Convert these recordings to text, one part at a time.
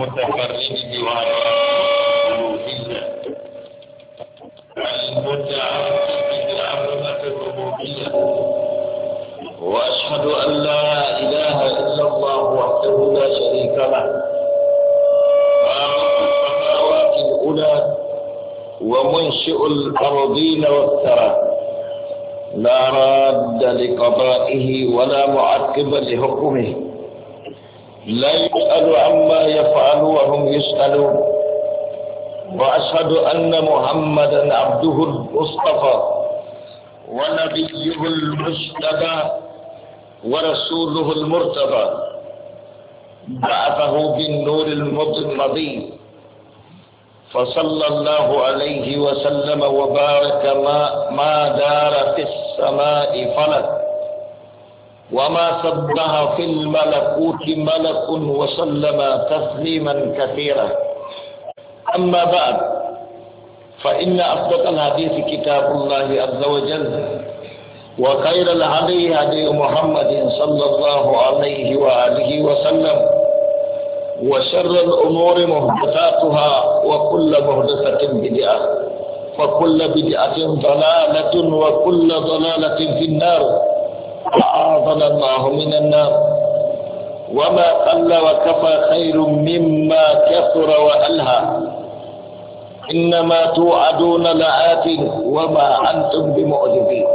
المتفرد بالعبودية المتعبد بالعبودة الربوبية وأشهد أن لا إله إلا الله وحده لا شريك له خالق السماوات الأولى ومنشئ الأرضين والثرى لا راد لقضائه ولا معقب لحكمه لا يسأل عما يفعل وهم يسألون وأشهد أن محمدا عبده المصطفى ونبيه المجتبى ورسوله المرتبى بعثه بالنور المضي فصلى الله عليه وسلم وبارك ما, ما دار في السماء فلك وما سبها في الملكوت ملك وسلم تسليما كثيرا أما بعد فإن أصدق الحديث كتاب الله عز وجل وخير الهدي هدي محمد صلى الله عليه وآله وسلم وشر الأمور محدثاتها وكل محدثة بدعة وكل بدعة ضلالة وكل ضلالة في النار أعاذنا الله من النار وما قل وكفى خير مما كثر وألهى إنما توعدون لآت وما أنتم بمؤذبين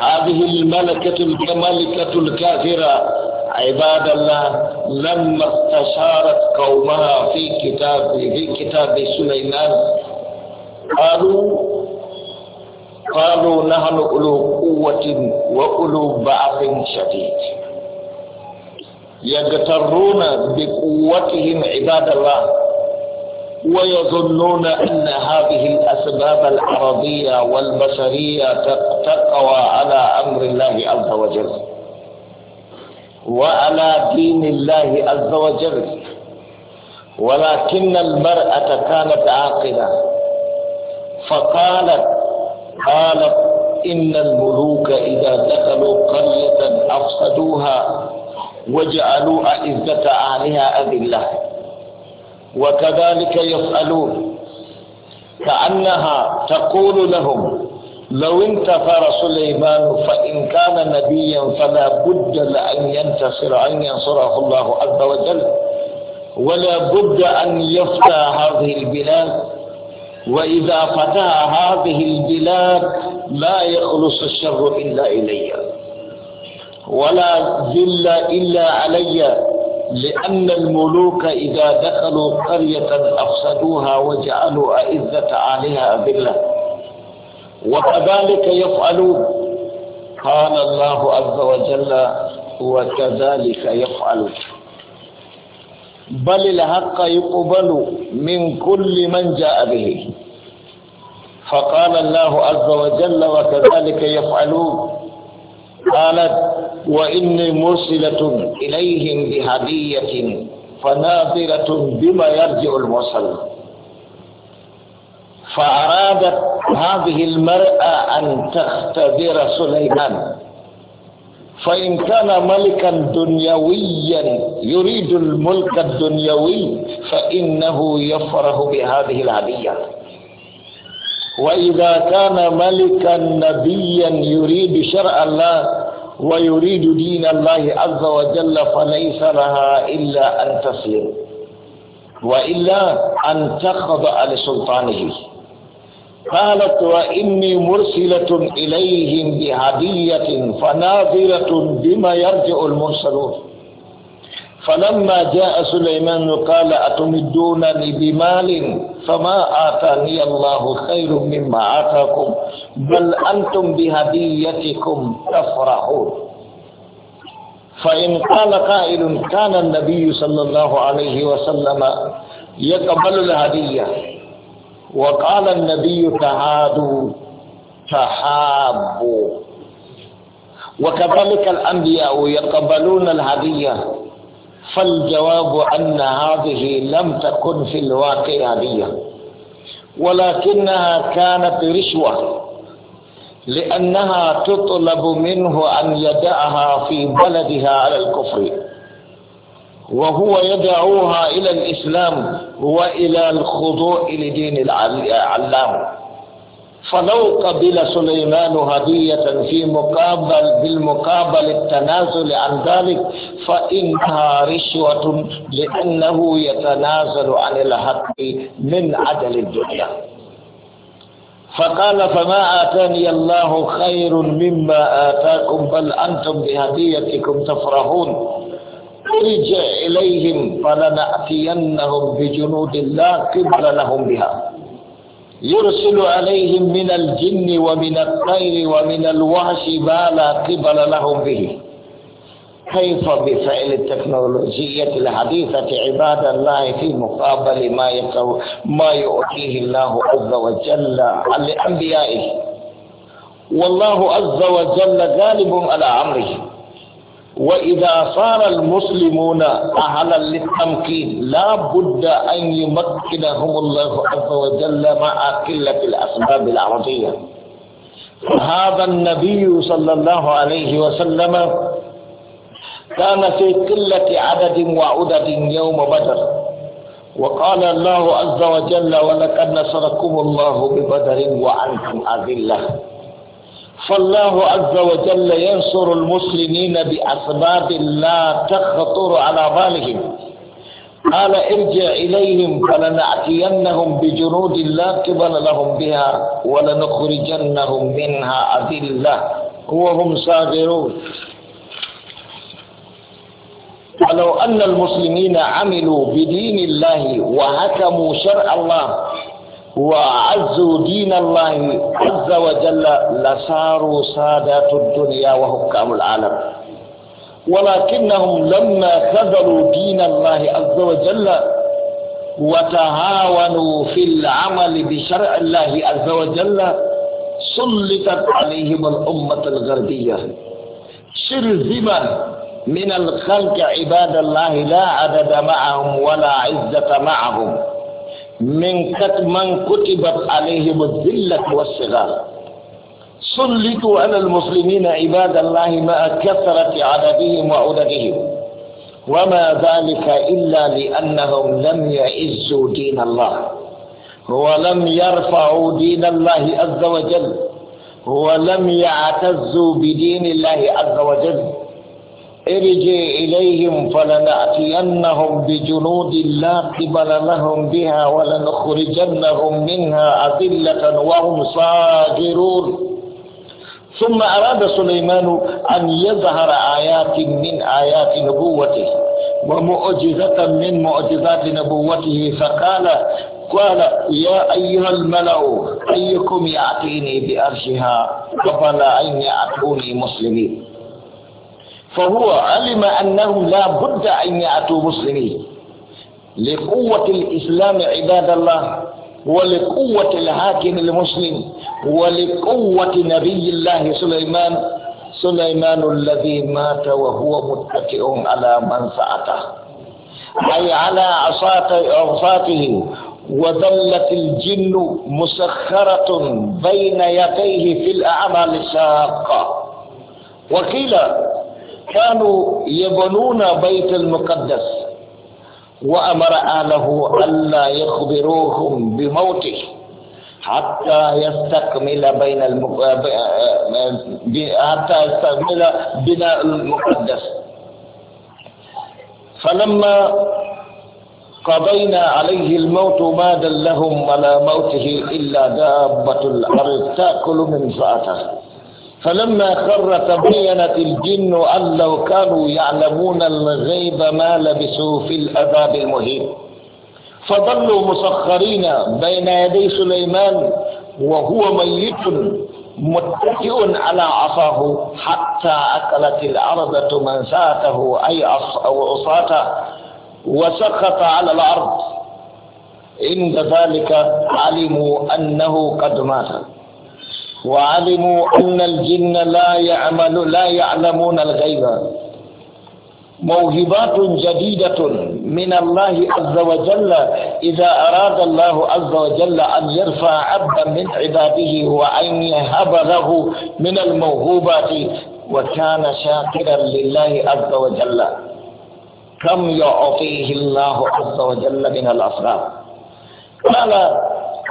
هذه الملكة الكملكة الكافرة عباد الله لما استشارت قومها في كتاب في كتاب سليمان قالوا قالوا نحن أولو قوة وأولو بعث شديد يغترون بقوتهم عباد الله ويظنون أن هذه الأسباب العرضية والبشرية تقوى على أمر الله عز وجل وعلى دين الله عز وجل ولكن المرأة كانت عاقلة فقالت قالت إن الملوك إذا دخلوا قرية أفسدوها وجعلوا أعزة أهلها أذلة وكذلك يسألون كأنها تقول لهم لو انتصر سليمان فإن كان نبيا فلا بد لأن ينتصر أن ينصره الله عز وجل ولا بد أن يفتى هذه البلاد وإذا فتى هذه البلاد لا يخلص الشر إلا إلي ولا ذل إلا علي لأن الملوك إذا دخلوا قرية أفسدوها وجعلوا أئذة عليها أذلة وكذلك يفعلون قال الله عز وجل وكذلك يفعلون بل الحق يقبل من كل من جاء به فقال الله عز وجل وكذلك يفعلون قالت وإني مرسلة إليهم بهدية فناظرة بما يرجع المرسل فأرادت هذه المرأة أن تختبر سليمان فإن كان ملكا دنيويا يريد الملك الدنيوي فإنه يفرح بهذه العدية وإذا كان ملكا نبيا يريد شرع الله ويريد دين الله عز وجل فليس لها إلا أن تسير وإلا أن تخضع لسلطانه قالت وإني مرسلة إليهم بهدية فناظرة بما يرجع المرسلون فلما جاء سليمان قال أتمدونني بمال فما آتاني الله خير مما آتاكم بل أنتم بهديتكم تفرحون فإن قال قائل كان النبي صلى الله عليه وسلم يقبل الهدية وقال النبي تعادوا تحابوا وكذلك الأنبياء يقبلون الهدية فالجواب أن هذه لم تكن في الواقع هدية ولكنها كانت رشوة لأنها تطلب منه أن يدعها في بلدها على الكفر وهو يدعوها إلى الإسلام وإلى الخضوع لدين العلام فلو قبل سليمان هدية في مقابل بالمقابل التنازل عن ذلك فإنها رشوة لأنه يتنازل عن الحق من عدل الدنيا فقال فما آتاني الله خير مما آتاكم بل أنتم بهديتكم تفرحون ارجع إليهم فلنأتينهم بجنود لا قبل لهم بها يرسل عليهم من الجن ومن الطير ومن الوحش ما لا قبل لهم به كيف بفعل التكنولوجية الحديثة عباد الله في مقابل ما ما يؤتيه الله عز وجل لأنبيائه والله عز وجل غالب على أمره وإذا صار المسلمون أهلا للتمكين لا بد أن يمكنهم الله عز وجل مع قلة الأسباب العرضية هذا النبي صلى الله عليه وسلم كان في قلة عدد وعدد يوم بدر وقال الله عز وجل ولقد نصركم الله ببدر وأنتم أذلة فالله عز وجل ينصر المسلمين بأسباب لا تخطر على بالهم قال ارجع إليهم فلنأتينهم بجنود لا قبل لهم بها ولنخرجنهم منها أذلة وهم صاغرون ولو أن المسلمين عملوا بدين الله وحكموا شرع الله وعزوا دين الله عز وجل لصاروا سادات الدنيا وحكام العالم ولكنهم لما خذلوا دين الله عز وجل وتهاونوا في العمل بشرع الله عز وجل سلطت عليهم الأمة الغربية شرذما من الخلق عباد الله لا عدد معهم ولا عزة معهم من من كتبت عليهم الذلة والصغار سلطوا على المسلمين عباد الله مع كثرة عددهم وعددهم وما ذلك إلا لأنهم لم يعزوا دين الله ولم يرفعوا دين الله عز وجل ولم يعتزوا بدين الله عز وجل ارجع إليهم فلنأتينهم بجنود لا قبل لهم بها ولنخرجنهم منها أذلة وهم صاغرون ثم أراد سليمان أن يظهر آيات من آيات نبوته ومعجزة من معجزات نبوته فقال قال يا أيها الملأ أيكم يأتيني بأرشها قبل أن يأتوني مسلمين فهو علم أنهم لا بد أن يأتوا مسلمين لقوة الإسلام عباد الله ولقوة الحاكم المسلم ولقوة نبي الله سليمان سليمان الذي مات وهو متكئ على منفعته أي على عصاته وذلت الجن مسخرة بين يديه في الأعمال الساقة وقيل كانوا يبنون بيت المقدس وأمر أهله ألا يخبروهم بموته حتى يستكمل بين المق... حتى يستكمل بناء المقدس فلما قضينا عليه الموت ما دلهم على موته إلا دابة الأرض تأكل من فأته فلما خر تبينت الجن أن لو كانوا يعلمون الغيب ما لبثوا في الأذاب المهين فظلوا مسخرين بين يدي سليمان وهو ميت متكئ على عصاه حتى أكلت الأرض منساته أي عصاته وسقط على الأرض عند ذلك علموا أنه قد مات وعلموا أن الجن لا يعمل لا يعلمون الغيب موهبات جديدة من الله عز وجل إذا أراد الله عز وجل أن يرفع عبدا من عباده وأن يهب له من الموهوبات وكان شاكرا لله عز وجل كم يعطيه الله عز وجل من الأسرار قال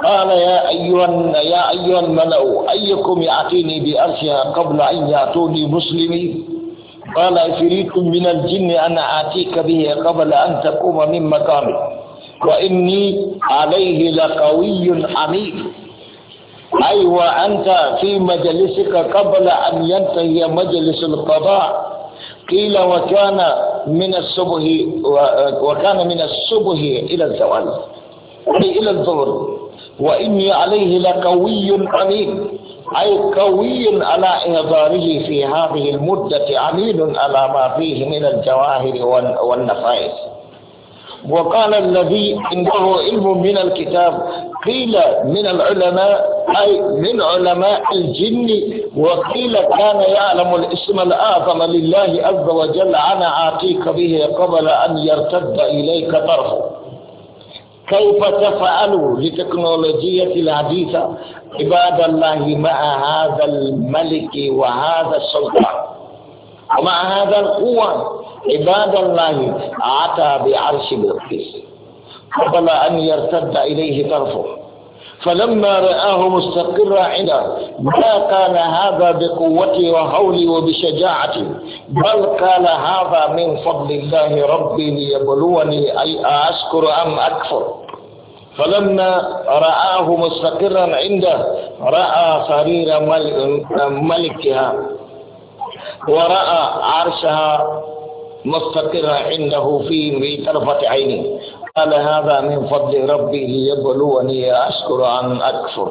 قال يا أيها يا أيها الملأ أيكم يأتيني بأرشها قبل أن يأتوني مسلمين قال عفريت من الجن أنا آتيك به قبل أن تقوم من مقامك وإني عليه لقوي حميد أي أيوة، وأنت في مجلسك قبل أن ينتهي مجلس القضاء قيل وكان من الصبح وكان من الصبح إلى الزوال إلى الظهر وإني عليه لقوي أمين أي قوي على إعذاره في هذه المدة أمين على ما فيه من الجواهر والنفائس وقال الذي عنده علم من الكتاب قيل من العلماء أي من علماء الجن وقيل كان يعلم الاسم الأعظم لله عز وجل أنا أعطيك به قبل أن يرتد إليك طرفه كيف تفعلوا لتكنولوجية الحديثة عباد الله مع هذا الملك وهذا السلطان ومع هذا القوة عباد الله عتى بعرش بلقيس قبل أن يرتد إليه طرفه فلما رآه مستقرا عنده ما كان هذا بقوتي وهولي وبشجاعتي بل قال هذا من فضل الله ربي ليبلوني أي أشكر أم أكفر فلما رآه مستقرا عنده رأى سرير ملكها ورأى عرشها مستقرا عنده في طرفة عينه قال هذا من فضل ربي ليبلوني أشكر أم أكفر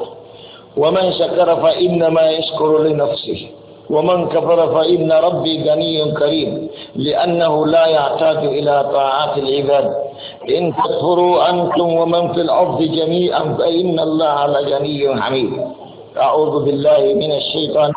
ومن شكر فإنما يشكر لنفسه ومن كفر فإن ربي غني كريم لأنه لا يعتاد إلى طاعات العباد إن تكفروا أنتم ومن في الأرض جميعا فإن الله لغني حميد أعوذ بالله من الشيطان